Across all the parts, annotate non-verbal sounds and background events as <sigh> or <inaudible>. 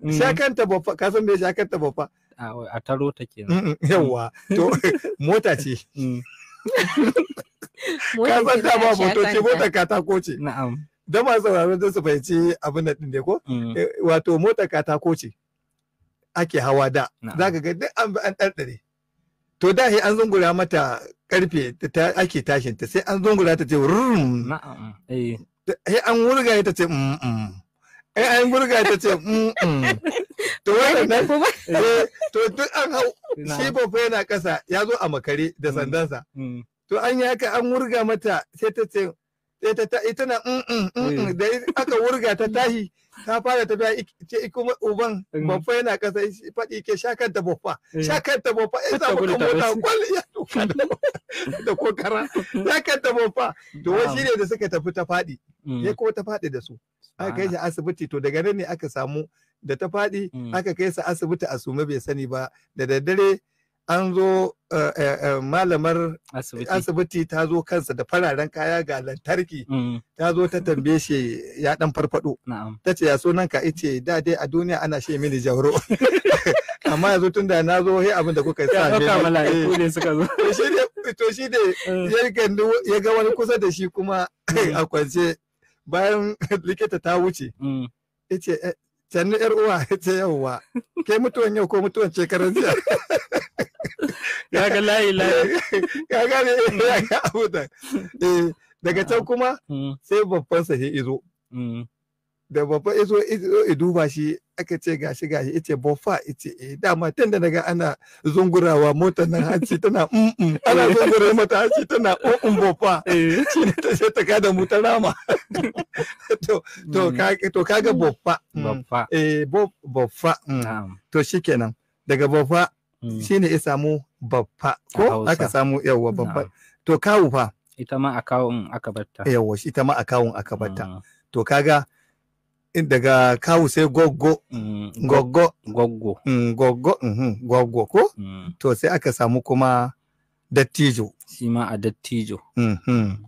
Mm. shakanta babba ka san me shakanta babba a taro ta ke yawa mm. to <laughs> mota ce mm. ka san ta ba moto ce mota katako ce na'am da ma sauraro don su fahimci abin da ɗin ko eh, wato mota katako ce ake hawa da za ka ga duk an an ɗanɗare to da an zungura mata karfe ake tashin ta sai an zungura ta ce rum sai an wurga ta ce mm Eh, in an gurga ta ce mm, mm. to wannan eh, to duk an hau shi babba yana ƙasa ya zo a makare da mm. sandansa to an yi haka an wurga mata sai ta ce ita na eh. da aka wurga ta tahi ta fara ta biya ce kuma uban babba yana ƙasa faɗi ke shakar da babba shakar da babba ya samu kamota kwal ya tuka da kokara <laughs> shakar da babba to wai shi ne da suka tafi ta faɗi ya mm. ko ta faɗi da su aka kai shi asibiti to daga nan ne aka samu da ta faɗi mm. aka kai su asibiti a sume bai sani ba da daddare an zo eh, eh, eh, malamar asibiti ta zo kansa da fararen kaya ga lantarki mm. ta zo ta tambaye shi ya dan farfado ta ce ya nan ka ice da dai a duniya ana she mini jauro <laughs> amma yanzu tunda na zo he abin da kuka sa ne suka <laughs> to shi ne ya ga wani kusa da shi kuma a kwance bayan <laughs> likita ta wuce mm. yace can eh, yar uwa <laughs> ce yawwa ke mutuwan yau ko mutuwan shekarar jiya <laughs> ya ga layi layi ya ga ne ya ga abu da eh, daga can ah. kuma mm. sai babban sahi izo mm. da babba ya zo ya duba shi aka ce gashi gashi ita bofa ita. ce eh dama tun da daga ana zungurawa mota nan hanci tana mm <laughs> ana zungura mota hanci tana mm bofa <laughs> eh. <laughs> shi ne ta ta kada mu ta rama to to mm. kaga bofa mm. bofa mm. eh bofa to shikenan daga bofa ne ya samu bofa ko aka samu yawa bofa to kawu fa ita ma akawun aka batta yawa ita ma akawun aka batta to kaga Eh, daga kawu sai goggo mm, goggo goggo mm, goggo mhm, goggo ko mm. to sai aka samu kuma dattijo shi ma a dattijo mhm.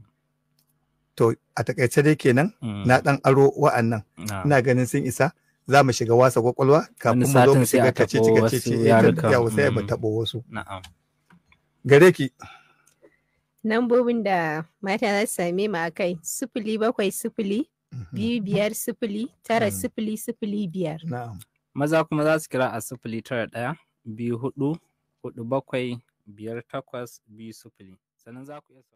to a takaice dai kenan na dan aro wa'annan ina ganin sun isa za mu shiga wasa kwakwalwa kafin mu zo mu shiga kace ci kace ce ya sai ba tabo wasu na'am gare ki Nambobin da mata za su same mu a kai sifili bakwai sufuli Mhm. biyu biyar sifili tara hmm. sifili sifili biyar. Maza kuma za su kira a sifili tara ɗaya biyu hudu hudu bakwai biyar takwas biyu sifili. Sannan za ku iya